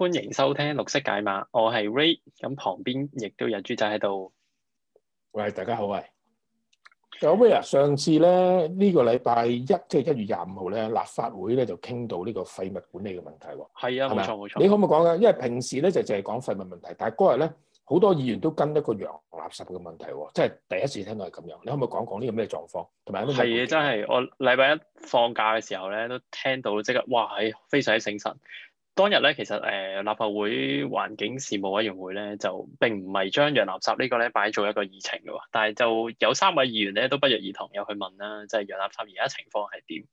歡迎收聽綠色解碼，我係 Ray，咁旁邊亦都有豬仔喺度。喂，大家好啊！Ray 啊，上次咧呢個禮拜一，即係一月廿五號咧，立法會咧就傾到呢個廢物管理嘅問題喎。係啊，冇錯冇錯。錯你可唔可以講嘅？因為平時咧就淨係講廢物問題，但係嗰日咧好多議員都跟得個洋垃圾嘅問題，即係第一次聽到係咁樣。你可唔可以講講呢個咩狀況？同埋係啊，真係我禮拜一放假嘅時候咧，都聽到即刻哇，係非常之醒神。當日咧，其實誒、呃、立法會環境事務委員會咧，就並唔係將洋垃圾呢個咧擺做一個議程嘅喎，但係就有三位議員咧都不約而同有去問啦，即係洋垃圾而家情況係點？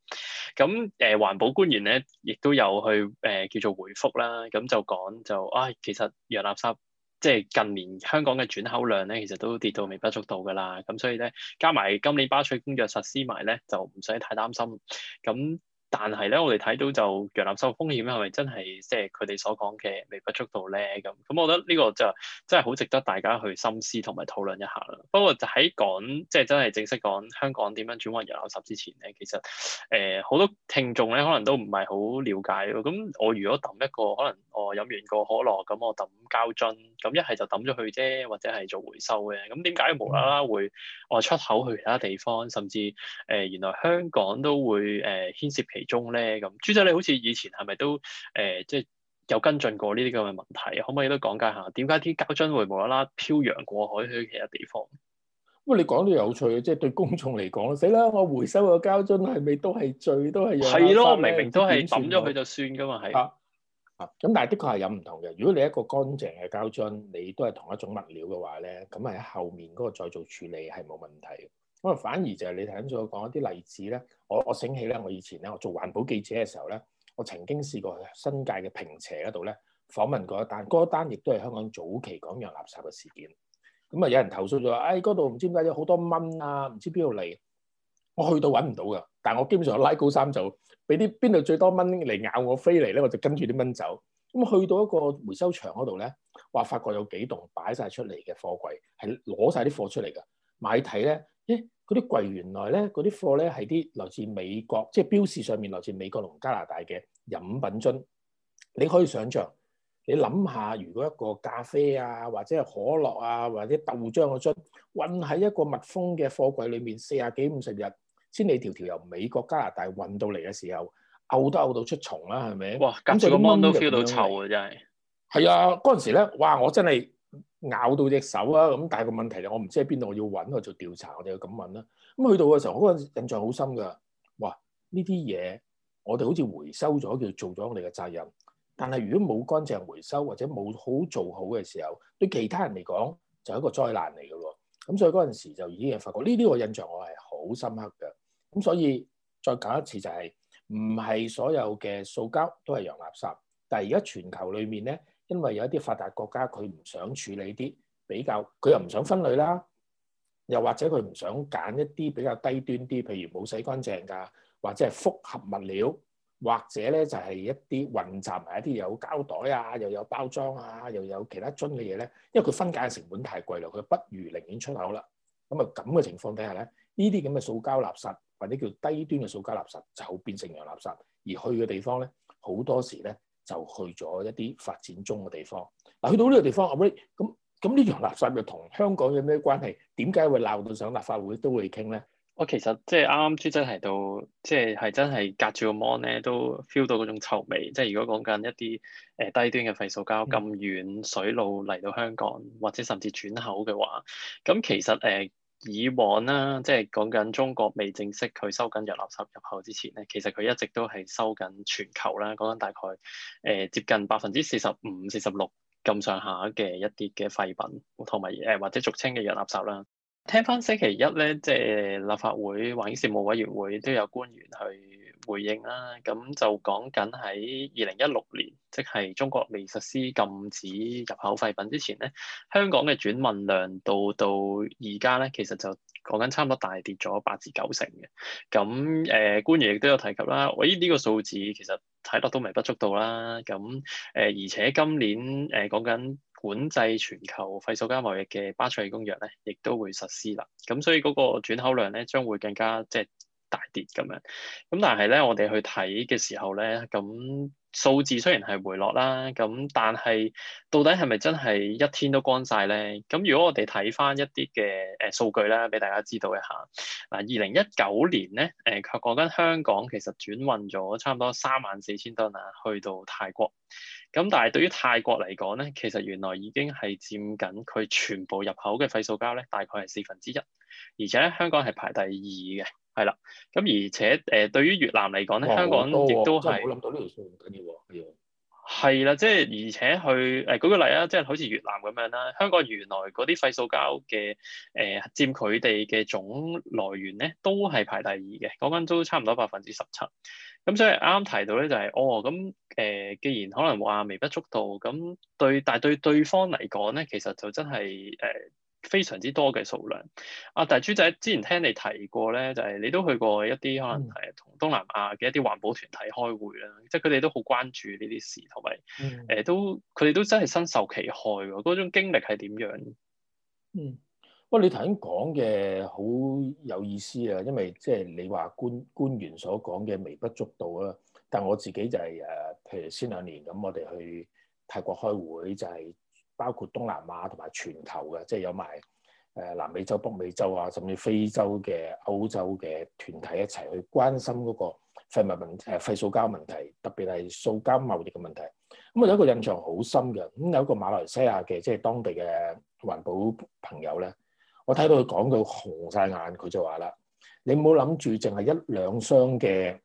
咁誒、呃、環保官員咧亦都有去誒、呃、叫做回覆啦，咁就講就啊，其實洋垃圾即係近年香港嘅轉口量咧，其實都跌到微不足道噶啦，咁所以咧，加埋今年巴取公約實施埋咧，就唔使太擔心咁。但係咧，我哋睇到就洋垃圾風險係咪真係即係佢哋所講嘅微不足道咧？咁咁，我覺得呢個就真係好值得大家去深思同埋討論一下啦。不過就喺講即係真係正式講香港點樣轉運洋垃圾之前咧，其實誒好、呃、多聽眾咧可能都唔係好了解咯。咁我如果抌一個可能我飲完個可樂咁，我抌膠樽咁一係就抌咗去啫，或者係做回收嘅。咁點解無啦啦會我、嗯、出口去其他地方，甚至誒、呃、原來香港都會誒、呃、牽涉其中咧咁，朱仔你好似以前係咪都誒、呃，即係有跟進過呢啲咁嘅問題？可唔可以都講解下點解啲膠樽會無啦啦漂洋過海去其他地方？咁你講到有趣嘅，即係對公眾嚟講，死啦！我回收個膠樽係咪都係最都係有係咯，的明明都係抌咗佢就算噶嘛，係啊咁、啊，但係的確係有唔同嘅。如果你一個乾淨嘅膠樽，你都係同一種物料嘅話咧，咁喺後面嗰個再做處理係冇問題。咁啊，反而就係你頭先所講一啲例子咧。我我醒起咧，我以前咧，我做環保記者嘅時候咧，我曾經試過去新界嘅坪輋嗰度咧訪問過一單，嗰一單亦都係香港早期洋垃圾嘅事件。咁、嗯、啊，有人投訴咗話，唉、哎，嗰度唔知點解有好多蚊啊，唔知邊度嚟。我去到揾唔到噶，但係我基本上拉高衫就俾啲邊度最多蚊嚟咬我，我飛嚟咧，我就跟住啲蚊走。咁、嗯、去到一個回收場嗰度咧，話發覺有幾棟擺晒出嚟嘅貨櫃，係攞晒啲貨出嚟噶。買睇咧，咦、欸？嗰啲櫃原來咧，嗰啲貨咧係啲來自美國，即係標示上面來自美國同加拿大嘅飲品樽。你可以想像，你諗下，如果一個咖啡啊，或者係可樂啊，或者豆漿嘅樽，運喺一個密封嘅貨櫃裏面四啊幾五十日，千里迢迢由美國加拿大運到嚟嘅時候，嘔都嘔到出蟲啦，係咪？哇！咁成個 mon 都 feel 到臭啊，真係。係啊，嗰陣時咧，哇！我真係～咬到隻手啊！咁但係個問題咧，我唔知喺邊度，我，我要搵我做調查，我哋要咁問啦。咁去到嘅時候，嗰個印象好深噶。哇！呢啲嘢我哋好似回收咗，叫做做咗我哋嘅責任。但係如果冇乾淨回收或者冇好做好嘅時候，對其他人嚟講就係、是、一個災難嚟噶。咁所以嗰陣時就已經發覺呢啲，我印象我係好深刻嘅。咁所以再講一次就係、是，唔係所有嘅塑膠都係洋垃圾。但係而家全球裏面咧。因為有一啲發達國家，佢唔想處理啲比較，佢又唔想分類啦，又或者佢唔想揀一啲比較低端啲，譬如冇洗乾淨㗎，或者係複合物料，或者咧就係一啲混雜埋一啲有膠袋啊，又有包裝啊，又有其他樽嘅嘢咧，因為佢分解嘅成本太貴啦，佢不如寧願出口啦。咁啊咁嘅情況底下咧，呢啲咁嘅塑膠垃圾或者叫低端嘅塑膠垃圾就會變成洋垃圾，而去嘅地方咧好多時咧，就去咗一啲發展中嘅地方。嗱，去到呢個地方，阿咁咁呢樣垃圾又同香港有咩關係？點解會鬧到上立法會都會傾咧？我其實即係啱啱朱真提到，即係係真係隔住個 mon 咧，都 feel 到嗰種臭味。即係如果講緊一啲誒低端嘅廢塑膠咁遠水路嚟到香港，或者甚至轉口嘅話，咁其實誒。呃以往啦，即係講緊中國未正式佢收緊洋垃圾入口之前咧，其實佢一直都係收緊全球啦，講緊大概誒、呃、接近百分之四十五、四十六咁上下嘅一啲嘅廢品，同埋誒或者俗稱嘅洋垃圾啦。聽翻星期一咧，即係立法會環境事務委員會都有官員去回應啦，咁就講緊喺二零一六年。即係中國未實施禁止入口廢品之前咧，香港嘅轉運量到到而家咧，其實就講緊差唔多大跌咗八至九成嘅。咁誒、呃，官員亦都有提及啦。呢個數字其實睇得都微不足道啦。咁誒、呃，而且今年誒講緊管制全球廢塑膠貿易嘅巴塞爾公約咧，亦都會實施啦。咁所以嗰個轉口量咧，將會更加即係。大跌咁樣咁，但係咧，我哋去睇嘅時候咧，咁數字雖然係回落啦，咁但係到底係咪真係一天都光晒咧？咁如果我哋睇翻一啲嘅誒數據啦，俾大家知道一下嗱，二零一九年咧，誒、呃，佢講緊香港其實轉運咗差唔多三萬四千噸啊，去到泰國咁，但係對於泰國嚟講咧，其實原來已經係佔緊佢全部入口嘅廢塑膠咧，大概係四分之一，而且咧香港係排第二嘅。係啦，咁而且誒、呃，對於越南嚟講咧，哇香港、啊、亦都係。真係冇諗到呢條數咁緊要喎、啊。啦、啊，即係而且佢誒舉個例啊，即係好似越南咁樣啦，香港原來嗰啲廢數交嘅誒，佔佢哋嘅總來源咧，都係排第二嘅，講緊都差唔多百分之十七。咁所以啱啱提到咧就係、是，哦咁誒、呃，既然可能話微不足道，咁對，但係對對方嚟講咧，其實就真係誒。呃非常之多嘅數量，阿、啊、大豬仔之前聽你提過咧，就係、是、你都去過一啲可能係同東南亞嘅一啲環保團體開會啦，嗯、即係佢哋都好關注呢啲事，同埋誒都佢哋都真係身受其害。嗰種經歷係點樣？嗯，喂，你頭先講嘅好有意思啊，因為即係你話官官員所講嘅微不足道啦，但我自己就係、是、誒譬如先兩年咁，我哋去泰國開會就係、是。包括東南亞同埋全球嘅，即係有埋誒南美洲、北美洲啊，甚至非洲嘅、歐洲嘅團體一齊去關心嗰個廢物問誒廢塑膠問題，特別係塑膠貿易嘅問題。咁、嗯、我有一個印象好深嘅，咁、嗯、有一個馬來西亞嘅即係當地嘅環保朋友咧，我睇到佢講到紅晒眼，佢就話啦：你唔好諗住淨係一兩箱嘅。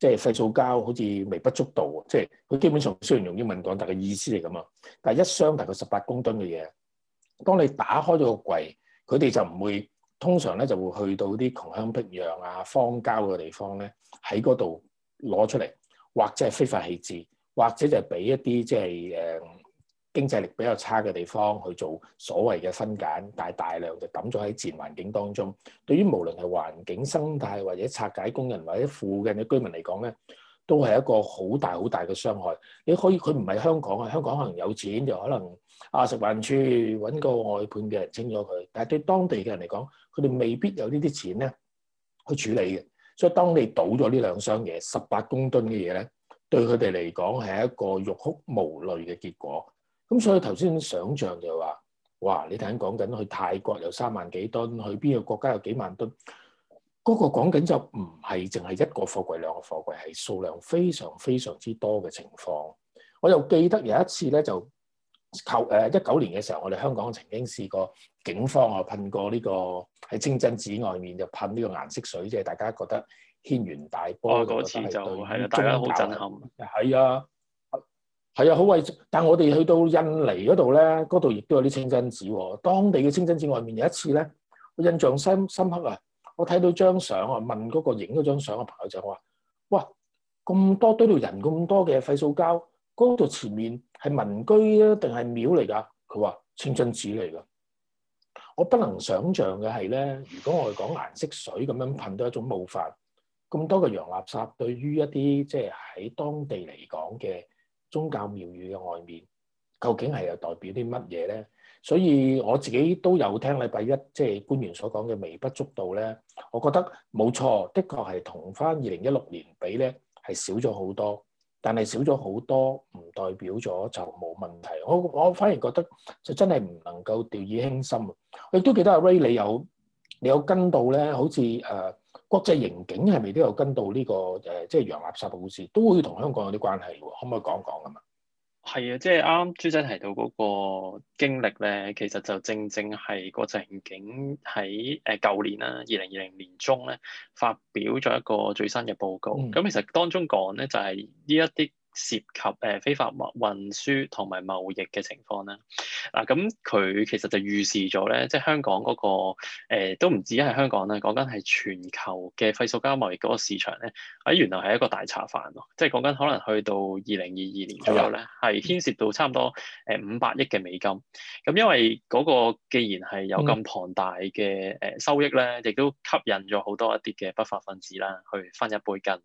即係廢塑膠好似微不足道，即係佢基本上雖然用英文講，但係意思嚟㗎嘛。但係一箱大概十八公噸嘅嘢，當你打開咗個櫃，佢哋就唔會通常咧就會去到啲窮鄉僻壤啊、荒郊嘅地方咧，喺嗰度攞出嚟，或者係非法棄置，或者就係俾一啲即係誒。Uh, 經濟力比較差嘅地方去做所謂嘅分揀，但係大量就抌咗喺自然環境當中。對於無論係環境生態，或者拆解工人，或者附近嘅居民嚟講咧，都係一個好大好大嘅傷害。你可以佢唔係香港啊，香港可能有錢就可能啊食環處揾個外判嘅人清咗佢，但係對當地嘅人嚟講，佢哋未必有呢啲錢咧去處理嘅。所以當你倒咗呢兩箱嘢，十八公噸嘅嘢咧，對佢哋嚟講係一個欲哭無淚嘅結果。咁、嗯、所以頭先想象就話，哇！你睇緊講緊去泰國有三萬幾噸，去邊個國家有幾萬噸。嗰、那個講緊就唔係淨係一個貨櫃兩個貨櫃，係數量非常非常之多嘅情況。我又記得有一次咧，就求誒一九年嘅時候，我哋香港曾經試過警方啊噴過呢、這個喺清真寺外面就噴呢個顏色水，即係大家覺得軒然大波嗰次就係大家好震撼。係啊！係啊，好為，但我哋去到印尼嗰度咧，嗰度亦都有啲清真寺喎、哦。當地嘅清真寺外面有一次咧，我印象深深刻啊！我睇到張相啊，問嗰、嗰個影咗張相嘅朋友就話：哇，咁多堆到人，咁多嘅廢塑膠，嗰度前面係民居啊，定係廟嚟㗎？佢話清真寺嚟㗎。我不能想像嘅係咧，如果我哋講顏色水咁樣噴到一種冒犯，咁多嘅洋垃圾對於一啲即係喺當地嚟講嘅。宗教廟宇嘅外面，究竟係又代表啲乜嘢咧？所以我自己都有聽禮拜一即係官員所講嘅微不足道咧，我覺得冇錯，的確係同翻二零一六年比咧係少咗好多，但係少咗好多唔代表咗就冇問題。我我反而覺得就真係唔能夠掉以輕心啊！我亦都記得阿 Ray 你有你有跟到咧，好似誒。國際刑警係咪都有跟到呢？這個誒、呃，即係洋垃圾走私都會同香港有啲關係喎？可唔可以講講啊？嘛，係啊，即係啱啱朱仔提到嗰個經歷咧，其實就正正係國際刑警喺誒舊年啦，二零二零年中咧發表咗一個最新嘅報告。咁、嗯、其實當中講咧就係呢一啲。涉及誒非法運輸同埋貿易嘅情況咧，嗱咁佢其實就預示咗咧，即係香港嗰、嗰個、呃、都唔止係香港啦，講緊係全球嘅廢塑膠貿易嗰個市場咧，喺原來係一個大茶飯喎，即係講緊可能去到二零二二年左右咧，係的牽涉到差唔多誒五百億嘅美金，咁因為嗰個既然係有咁龐大嘅誒收益咧，亦都、嗯、吸引咗好多一啲嘅不法分子啦，去分一杯羹，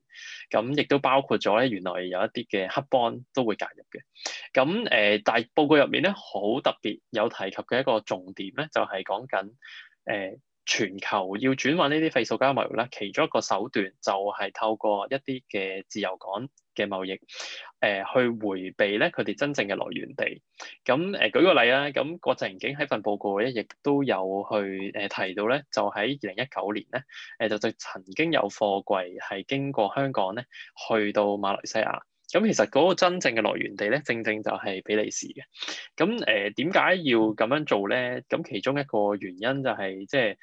咁亦都包括咗咧原來有一啲嘅。黑幫都會介入嘅咁誒，但係報告入面咧好特別有提及嘅一個重點咧，就係、是、講緊誒、呃、全球要轉換呢啲廢塑膠貿易啦。其中一個手段就係透過一啲嘅自由港嘅貿易誒、呃、去迴避咧佢哋真正嘅來源地。咁誒、呃、舉個例啦，咁國際刑警喺份報告咧亦都有去誒提到咧，就喺二零一九年咧誒就就曾經有貨櫃係經過香港咧去到馬來西亞。咁其實嗰個真正嘅來源地咧，正正就係比利時嘅。咁誒點解要咁樣做咧？咁其中一個原因就係、是，即係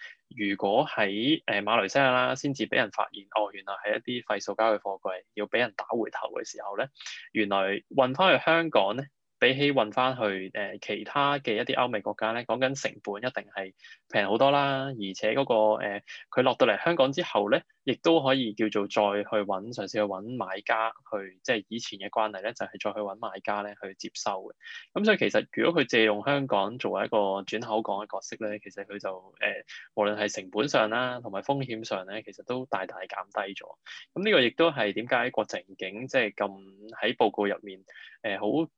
如果喺誒馬來西亞啦，先至俾人發現哦，原來係一啲廢塑膠嘅貨櫃要俾人打回頭嘅時候咧，原來運翻去香港咧。比起運翻去誒其他嘅一啲歐美國家咧，講緊成本一定係平好多啦，而且嗰個誒佢落到嚟香港之後咧，亦都可以叫做再去揾，嘗試去揾買家去，即係以前嘅關係咧，就係再去揾買家咧去接收嘅。咁所以其實如果佢借用香港作為一個轉口港嘅角色咧，其實佢就誒、呃、無論係成本上啦，同埋風險上咧，其實都大大減低咗。咁呢個亦都係點解國際刑警即係咁喺報告入面誒好。呃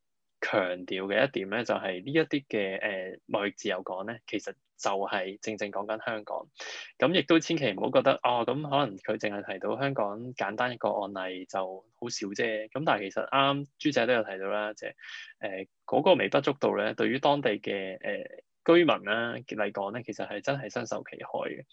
強調嘅一點咧，就係呢一啲嘅貿易自由港咧，其實就係正正講緊香港。咁亦都千祈唔好覺得哦，咁可能佢淨係提到香港簡單一個案例就好少啫。咁但係其實啱啱豬仔都有提到啦，即係誒嗰個微不足道咧，對於當地嘅誒、呃、居民咧嚟講咧，其實係真係身受其害嘅。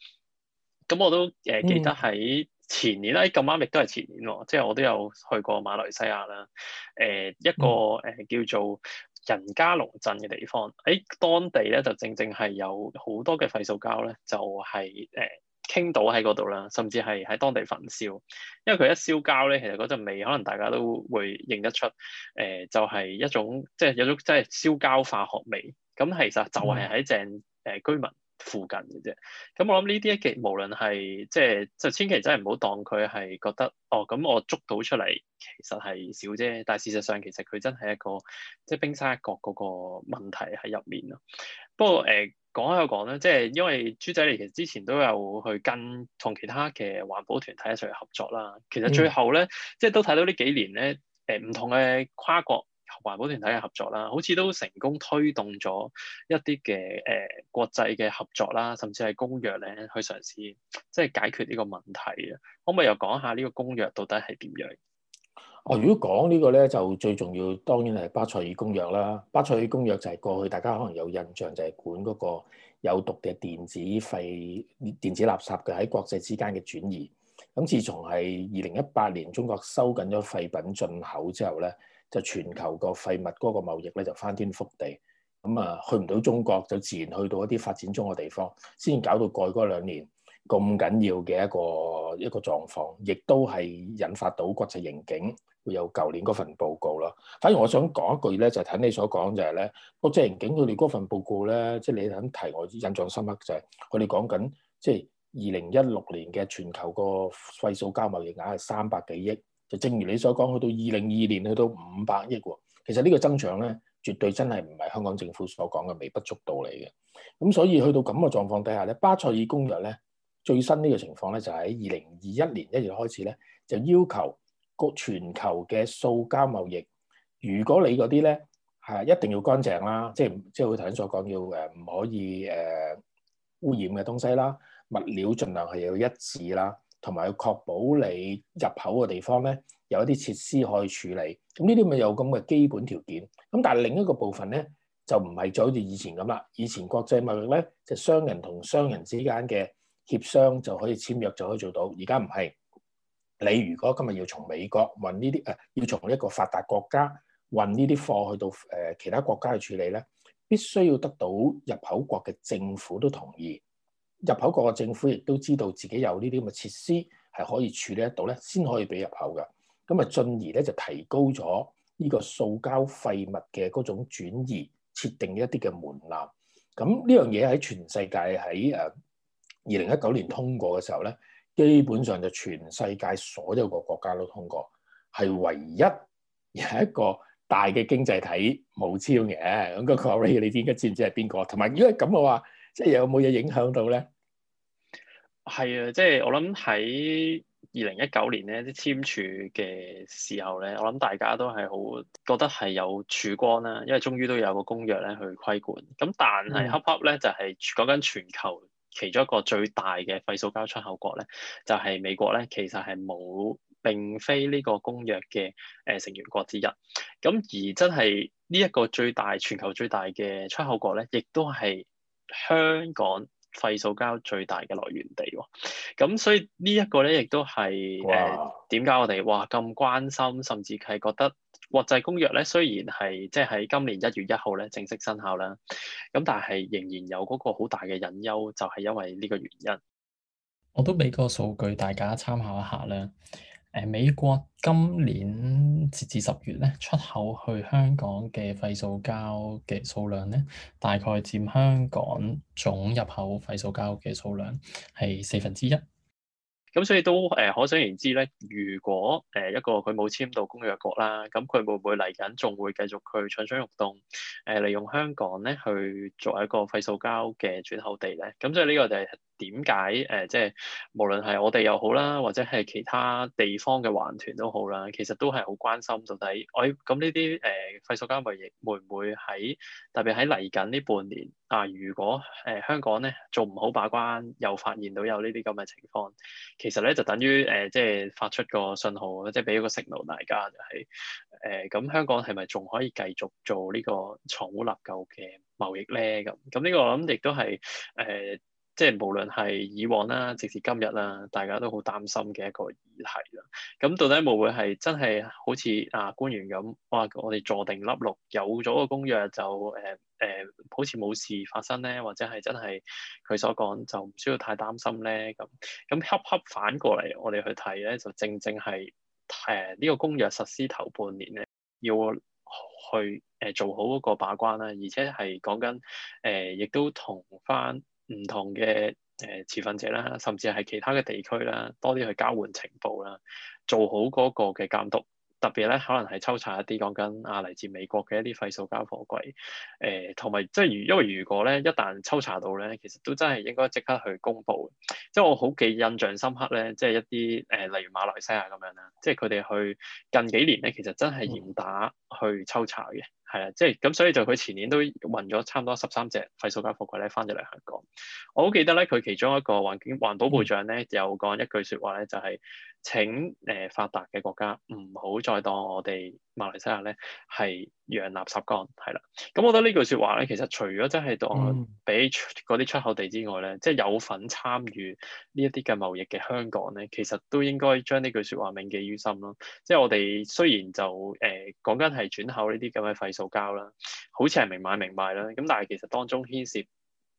咁我都誒、呃、記得喺，嗯前年啦，咁啱亦都係前年喎，即係我都有去過馬來西亞啦。誒、呃，一個誒、呃、叫做仁嘉隆鎮嘅地方，喺、欸、當地咧就正正係有好多嘅廢塑膠咧，就係、是、誒、呃、傾倒喺嗰度啦，甚至係喺當地焚燒。因為佢一燒膠咧，其實嗰陣味可能大家都會認得出，誒、呃、就係、是、一種即係有種即係、就是、燒膠化、化學味。咁其實就係喺正誒居民附近嘅啫，咁我諗呢啲嘅，無論係即係就千祈真係唔好當佢係覺得哦，咁我捉到出嚟其實係少啫，但係事實上其實佢真係一個即係、就是、冰山一角嗰個問題喺入面咯。不過誒、呃、講開又講啦，即、就、係、是、因為豬仔你其實之前都有去跟同其他嘅環保團體一齊去合作啦，其實最後咧、嗯、即係都睇到呢幾年咧誒唔同嘅跨國環保團體嘅合作啦，好似都成功推動咗一啲嘅誒國際嘅合作啦，甚至係公約咧，去嘗試即係解決呢個問題啊！可唔可以又講下呢個公約到底係點樣？哦，如果講呢個咧，就最重要當然係巴塞爾公約啦。巴塞爾公約就係過去大家可能有印象就係管嗰個有毒嘅電子廢電子垃圾嘅喺國際之間嘅轉移。咁、嗯、自從係二零一八年中國收緊咗廢品進口之後咧，就全球個廢物嗰個貿易咧，就翻天覆地。咁、嗯、啊，去唔到中國，就自然去到一啲發展中嘅地方，先搞到過嗰兩年咁緊要嘅一個一個狀況，亦都係引發到國際刑警會有舊年嗰份報告啦。反而我想講一句咧，就睇、是、你所講就係、是、咧，國際刑警佢哋嗰份報告咧，即、就、係、是、你肯提我，我印象深刻就係佢哋講緊即係二零一六年嘅全球個廢塑膠貿易額係三百幾億。就正如你所講，去到二零二年去到五百億喎，其實呢個增長咧，絕對真係唔係香港政府所講嘅微不足道嚟嘅。咁所以去到咁嘅狀況底下咧，巴塞爾公約咧，最新呢個情況咧，就喺二零二一年一月開始咧，就要求個全球嘅塑膠貿易，如果你嗰啲咧係一定要乾淨啦，即係即係我頭先所講要誒唔可以誒、呃、污染嘅東西啦，物料儘量係要一致啦。同埋要確保你入口嘅地方咧有一啲設施可以處理，咁呢啲咪有咁嘅基本條件。咁但係另一個部分咧就唔係就好似以前咁啦。以前國際貿易咧就是、商人同商人之間嘅協商就可以簽約就可以做到。而家唔係，你如果今日要從美國運呢啲誒，要從一個發達國家運呢啲貨去到誒、呃、其他國家去處理咧，必須要得到入口國嘅政府都同意。入口國嘅政府亦都知道自己有呢啲咁嘅設施係可以處理得到咧，先可以俾入口㗎。咁啊，進而咧就提高咗呢個塑膠廢物嘅嗰種轉移設定一啲嘅門檻。咁呢樣嘢喺全世界喺誒二零一九年通過嘅時候咧，基本上就全世界所有個國家都通過，係唯一有一個大嘅經濟體冇超嘅。咁、嗯、嗰個 r a 你點解知唔知係邊個？同埋如果係咁嘅話，即係有冇嘢影響到咧？係啊，即係我諗喺二零一九年咧，啲簽署嘅時候咧，我諗大家都係好覺得係有曙光啦，因為終於都有個公約咧去規管。咁但係恰恰咧，就係、是、講緊全球其中一個最大嘅廢塑膠出口國咧，就係、是、美國咧，其實係冇，並非呢個公約嘅誒、呃、成員國之一。咁而真係呢一個最大全球最大嘅出口國咧，亦都係。香港廢塑膠最大嘅來源地喎，咁所以呢一個咧，亦都係誒，點解我哋哇咁關心，甚至係覺得國際公約咧，雖然係即係喺今年一月一號咧正式生效啦，咁但係仍然有嗰個好大嘅隱憂，就係因為呢個原因。我都俾個數據大家參考一下啦。誒，美國今年截至十月咧，出口去香港嘅廢塑膠嘅數量咧，大概佔香港總入口廢塑膠嘅數量係四分之一。咁所以都誒、呃，可想而知咧，如果誒、呃、一個佢冇簽到公約國啦，咁佢會唔會嚟緊仲會繼續去蠢蠢欲動？誒、呃，利用香港咧去做一個廢塑膠嘅轉口地咧？咁所以呢個就係、是。點解，誒即係無論係我哋又好啦，或者係其他地方嘅環團都好啦，其實都係好關心到底，我咁呢啲誒廢塑膠貿易會唔會喺特別喺嚟緊呢半年啊？如果誒、呃、香港咧做唔好把關，又發現到有呢啲咁嘅情況，其實咧就等於誒、呃、即係發出個信號，即係俾個信號大家就係誒咁香港係咪仲可以繼續做呢個藏污納垢嘅貿易咧？咁咁呢個我諗亦都係誒。呃即係無論係以往啦，直至今日啦，大家都好擔心嘅一個議題啦。咁到底會唔會係真係好似啊官員咁，哇！我哋坐定粒六，有咗個公約就誒誒、呃呃，好似冇事發生咧，或者係真係佢所講就唔需要太擔心咧？咁咁恰恰反過嚟，我哋去睇咧，就正正係誒呢個公約實施頭半年咧，要去誒、呃、做好嗰個把關啦，而且係講緊誒，亦都同返。唔同嘅誒持份者啦，甚至係其他嘅地區啦，多啲去交換情報啦，做好嗰個嘅監督。特別咧，可能係抽查一啲講緊啊，嚟自美國嘅一啲廢塑膠貨櫃。誒、呃，同埋即係如因為如果咧，一旦抽查到咧，其實都真係應該即刻去公佈。即係我好記印象深刻咧，即係一啲誒，例如馬來西亞咁樣啦，即係佢哋去近幾年咧，其實真係嚴打去抽查嘅。嗯係啊，即係咁，所以就佢前年都運咗差唔多十三隻廢塑膠貨櫃咧，翻咗嚟香港。我好記得咧，佢其中一個環境環保部長咧，有講一句説話咧，就係請誒發達嘅國家唔好再當我哋。 馬來西亞咧係洋垃圾乾，係啦。咁我覺得呢句説話咧，其實除咗真係當俾嗰啲出口地之外咧，嗯、即係有份參與呢一啲嘅貿易嘅香港咧，其實都應該將呢句説話銘記於心咯。即係我哋雖然就誒講緊係轉口呢啲咁嘅廢塑膠啦，好似係明買明賣啦，咁但係其實當中牽涉。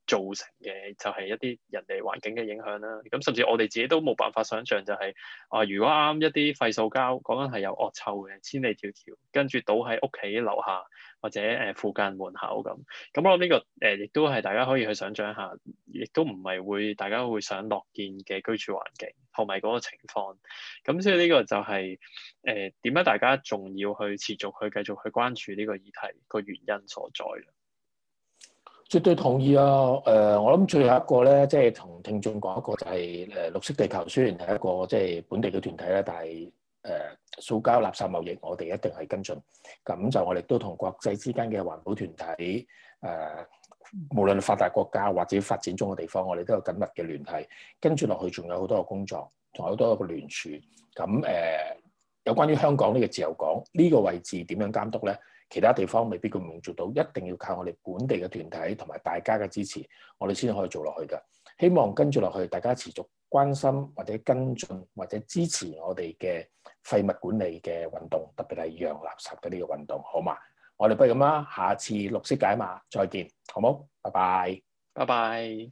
造成嘅就係一啲人哋環境嘅影響啦，咁甚至我哋自己都冇辦法想象、就係，就係啊，如果啱一啲廢塑膠，講緊係有惡臭嘅，千里迢迢跟住倒喺屋企樓下或者誒、呃、附近門口咁，咁我諗呢、呢個誒亦、呃、都係大家可以去想像一下，亦都唔係會大家會想樂見嘅居住環境同埋嗰個情況，咁所以呢個就係誒點解大家仲要去持續去繼續去關注呢個議題個原因所在。絕對同意啊！誒、呃，我諗最後一個咧，即係同聽眾講一個就係誒綠惜地球，雖然係一個即係、就是、本地嘅團體啦，但係誒、呃、塑膠垃圾貿易，我哋一定係跟進。咁就我哋都同國際之間嘅環保團體誒、呃，無論發達國家或者發展中嘅地方，我哋都有緊密嘅聯繫。跟住落去仲有好多個工作，仲有好多個聯署。咁誒。呃有關於香港呢個自由港呢個位置點樣監督呢？其他地方未必咁容易做到，一定要靠我哋本地嘅團體同埋大家嘅支持，我哋先可以做落去噶。希望跟住落去，大家持續關心或者跟進或者支持我哋嘅廢物管理嘅運動，特別係洋垃圾嘅呢個運動，好嘛？我哋不如咁啦，下次綠色解碼，再見，好冇？拜拜，拜拜。